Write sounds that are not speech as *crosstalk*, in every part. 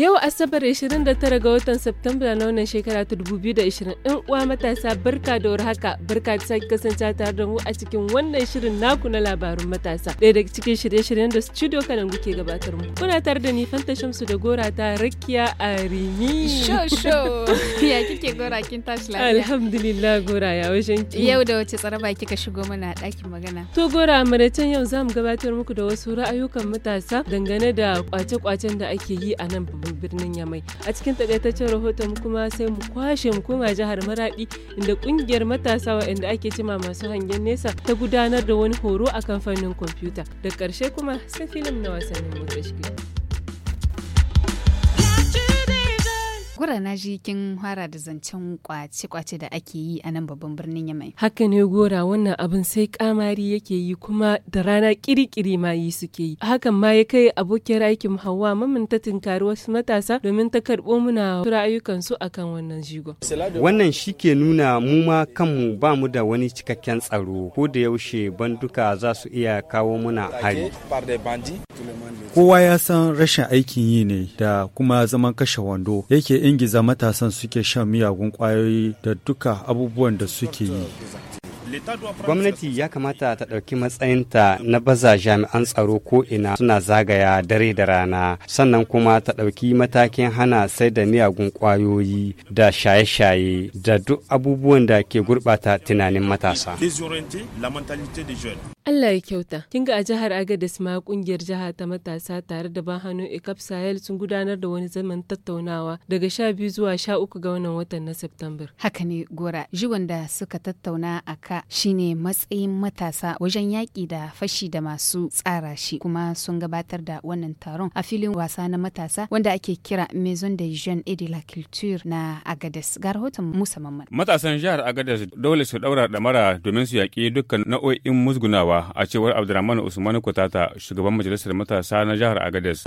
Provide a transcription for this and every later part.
Yau Asabar 29 ga watan Septemba na wannan shekara ta 2020 in uwa matasa barka da warhaka barka ta sake kasance tare da mu a cikin wannan shirin naku na labarun matasa ɗaya daga cikin shirye-shiryen da studio kanan ke gabatar mu. Kuna tare da ni Fanta Shamsu da Gora ta Rakiya Arimi. Sho sho *laughs* ya kike Gora kin tashi lafiya. Alhamdulillah Gora ya wajen ki. Yau da wace tsaraba kika shigo mana a ɗakin magana. To Gora maraicen yau za mu gabatar muku da wasu ra'ayukan matasa dangane da kwace-kwacen da ake yi a nan birnin Yamai. A cikin takaitaccen rahoton kuma sai mu kwashe mu koma jihar Maradi inda kungiyar matasa waɗanda ake cima masu hangen nesa ta gudanar da wani horo a kamfanin kwamfuta. Da ƙarshe kuma sai filim na wasannin motsa kura na ji kin fara da zancen kwace-kwace da ake yi a nan babban birnin yamai haka ne gora wannan abin sai kamari yake yi kuma da rana kirikiri ma yi suke yi hakan ma ya kai abokiyar aikin hawa mamin ta tinkari wasu matasa domin ta karɓo muna ra'ayukan su akan wannan jigo wannan shi ke nuna mu ma kanmu ba mu da wani cikakken tsaro ko da yaushe banduka za su iya kawo muna hari kowa ya san rashin aikin yi ne da kuma zaman kashe wando yake ingiza matasan suke shan miyagun kwayoyi da duka abubuwan da suke yi Gwamnati ya kamata ta ɗauki matsayinta na baza jami'an tsaro ko ina suna zagaya dare da rana sannan kuma ta ɗauki matakin hana sai da miyagun ƙwayoyi da shaye-shaye da duk abubuwan da ke gurɓata tunanin matasa. Allah ya kyauta. Kin ga a jihar Agadez ma kungiyar jiha ta matasa tare da ban hannu Ikap Sahel sun gudanar da wani zaman tattaunawa daga 12 zuwa 13 ga wannan watan na September. Haka ne Gora, jiwon da suka tattauna a ka shine matsayin matasa wajen yaƙi da fashi da masu tsara shi kuma sun gabatar da wannan taron a filin wasa na matasa wanda ake kira Maison de Jeunes et de la Culture na agades Ga rahoton Musa Mamman. Matasan jihar Agadez dole su daura mara domin su yaƙi dukkan nau'o'in musgunawa a cewar Abdulrahman Usman Kutata shugaban majalisar matasa na jihar Agadez.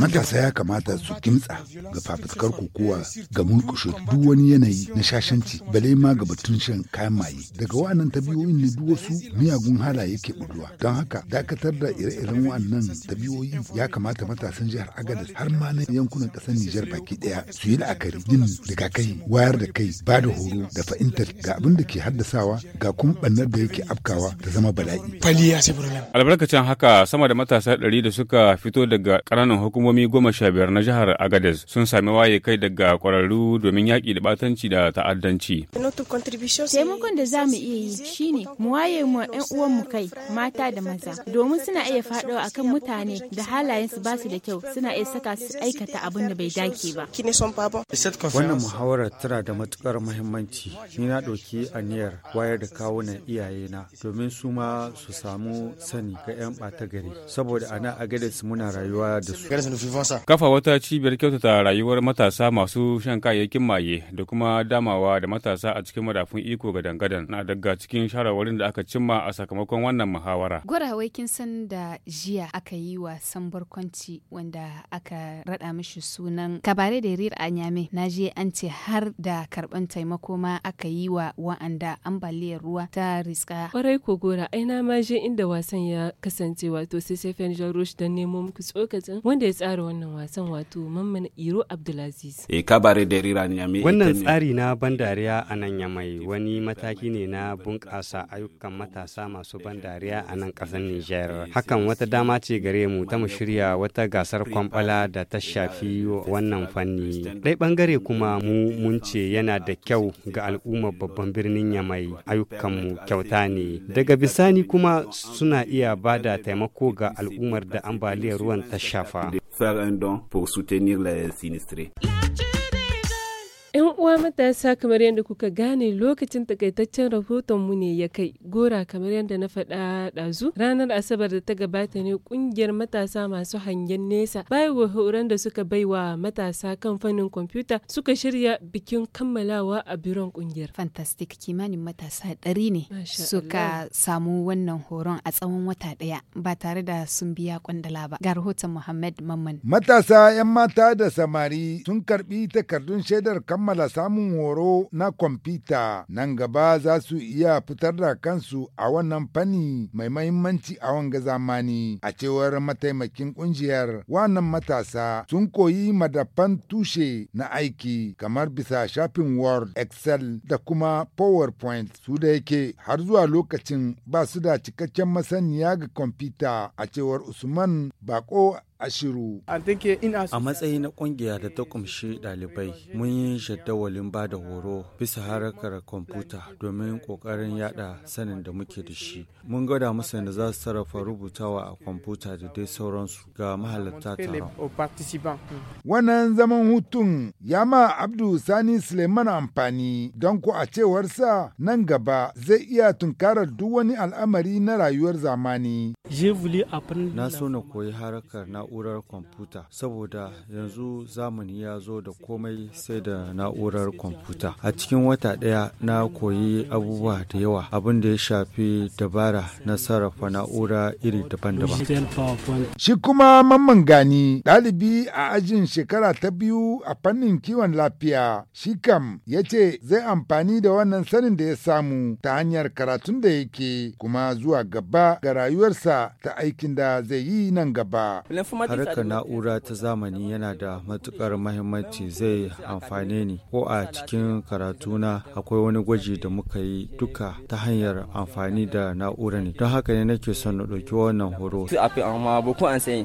Matasa ya kamata su kimtsa ga fafutukar kokowa ga murkushe duk wani yanayi na shashanci bale ma ga batun shan kayan maye yi daga wa'annan tabiyoyin ne duk wasu miyagun halaye ke buduwa don haka dakatar da ire-iren wa'annan tabiyoyi ya kamata matasan jihar agadas har ma na yankunan ƙasar nijar baki ɗaya su yi la'akari yin rigakafi wayar da kai ba da horo da fahimtar ga abin da ke haddasawa ga kuma bannar da yake afkawa ta zama bala'i. albarkacin haka sama da matasa ɗari da suka fito daga ƙananan hukumomi goma sha biyar na jihar agadez sun sami waye kai daga ƙwararru domin yaƙi da batanci da ta'addanci. taimakon da za mu iya yi shine mu waye mu uwan uwanmu kai mata da maza domin suna iya faɗawa akan mutane da halayen su basu da kyau suna iya saka su aikata abin da bai dace ba. Wannan muhawarar tana da matukar muhimmanci. Ni na ɗauki aniyar wayar da kawunan iyayena domin su ma su samu sani ga 'yan bata gari saboda ana su muna rayuwa da su. Kafa wata cibiyar kyautata rayuwar matasa masu shan kayayyakin maye da kuma damawa da matasa a cikin madafun iko ga dangada Jordan na daga cikin shawarwarin da aka cimma a sakamakon wannan muhawara. Gwarawai kin san da jiya aka yi wa san barkwanci wanda aka rada mishi sunan kabare da rir anyame na je an ce har da karban taimako ma aka yi wa wa'anda ambaliyar ruwa ta riska. Kwarai ko gora ai na ma je inda wasan ya kasance wato Sesefen Jarush don nemo muku tsokacin wanda ya tsara wannan wasan wato Mamman Iro Abdulaziz. Eh kabare da rir anyame. Wannan tsari na ban dariya a nan yamai wani mataki mataki ne na bunƙasa ayyukan matasa masu ban dariya a nan ƙasar Nijar. Hakan wata dama ce gare mu ta mu shirya wata gasar kwamfala da ta shafi wannan fanni. Ɗai ɓangare kuma mu mun ce yana da kyau ga al'ummar babban birnin Yamai ayyukan mu kyauta ne. Daga bisani kuma suna iya ba da taimako ga al'ummar da ambaliyar ruwan ta shafa. Faire un don pour soutenir les sinistrés. uwa matasa kamar yadda kuka gane lokacin takaitaccen rahotonmu ne ya kai gora kamar yadda na faɗa ɗazu ranar asabar da ta gabata ne ƙungiyar matasa masu hangen nesa bayan horon da suka baiwa matasa kan fannin kwamfuta suka shirya bikin kammalawa a biron ƙungiyar. Fantastic kimanin matasa ɗari ne suka samu wannan horon a tsawon wata ɗaya ba tare da sun biya kwandala ba. Ga rahoton Muhammad Mamman. Matasa 'yan mata da samari sun karɓi takardun shaidar kammala samun horo na kwamfuta nan gaba za su iya fitar da kansu a wannan fanni mai mahimmanci a wanga zamani a cewar mataimakin kungiyar wannan matasa sun koyi madafan tushe na aiki kamar bisa shafin word excel da kuma powerpoint su da yake har zuwa lokacin ba su da cikakken masaniya ga kwamfuta a cewar usman bako a shiru A matsayi na kungiya da ta kumshi dalibai mun yi jadawalin ba da horo bisa harkar kwamfuta domin ƙoƙarin yada sanin da muke da shi. Mun gwada musu da za su sarrafa rubutawa a kwamfuta da dai sauransu ga mahalarta taron. Hmm. Wannan zaman hutun ya ma Abdu Sani Suleiman amfani don ko a cewarsa nan gaba zai iya tunkarar duk wani al'amari na rayuwar zamani. Na so na koyi harakar na na'urar kwamfuta saboda yanzu zamani ya zo da komai sai da na'urar kwamfuta a cikin wata ɗaya na koyi abubuwa da yawa abin da ya shafi dabara na sarrafa na'ura iri daban-daban shi kuma mamman gani ɗalibi a ajin shekara ta biyu a fannin kiwon lafiya shi kam ya ce zai amfani da wannan sanin da ya samu ta hanyar karatun da yake kuma zuwa gaba ga rayuwarsa ta aikin da zai yi nan gaba harkar na'ura ta zamani yana da matukar mahimmanci zai amfane ni ko a cikin karatuna akwai wani gwaji da muka yi duka ta hanyar amfani da na'ura ne don haka ne nake son na ɗauki wannan horo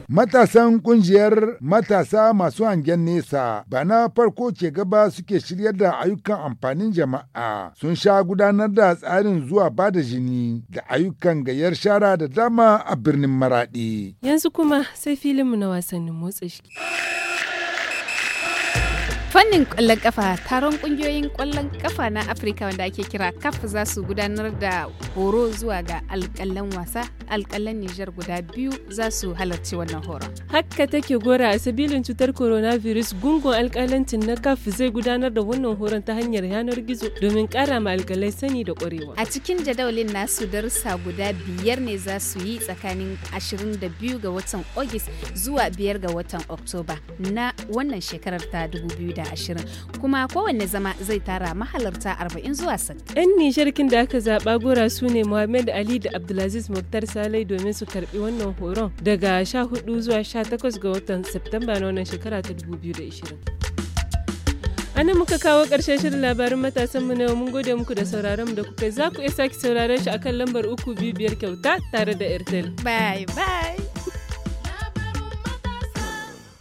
matasan kungiyar matasa masu hangen nesa ba na farko ke gaba suke shiryar da ayyukan amfanin jama'a sun sha gudanar da tsarin zuwa ba da jini da ayyukan gayar shara da dama a birnin maraɗi yanzu kuma sai fili. filinmu na wasannin motsa jiki. fannin kwallon kafa taron kungiyoyin kwallon kafa na afirka wanda ake kira kaf za su gudanar da horo zuwa ga alkalan wasa alkalan nijar guda biyu za su halarci wannan horon haka take gora a sabilin cutar coronavirus gungun alkalancin na kaf zai gudanar da wannan horon ta hanyar yanar gizo domin kara ma alkalai sani da kwarewa a cikin jadawalin nasu darussa guda biyar ne za su yi tsakanin 22 ga watan ogis zuwa 5 ga watan oktoba na wannan shekarar ta 2020 ashirin kuma kowanne zama zai tara mahalarta arba'in zuwa sittin. 'Yan nishirkin da aka zaɓa gora su ne Muhammad Ali da Abdulaziz Muktar Salai domin su karɓi wannan horon daga 14 zuwa 18 ga watan september na wannan shekara ta 2020. nan muka kawo ƙarshen shirin labarin matasan mu na yau mun gode muku da sauraron mu da kuka za ku iya sake sauraron shi akan lambar uku biyu biyar kyauta tare da airtel bye bye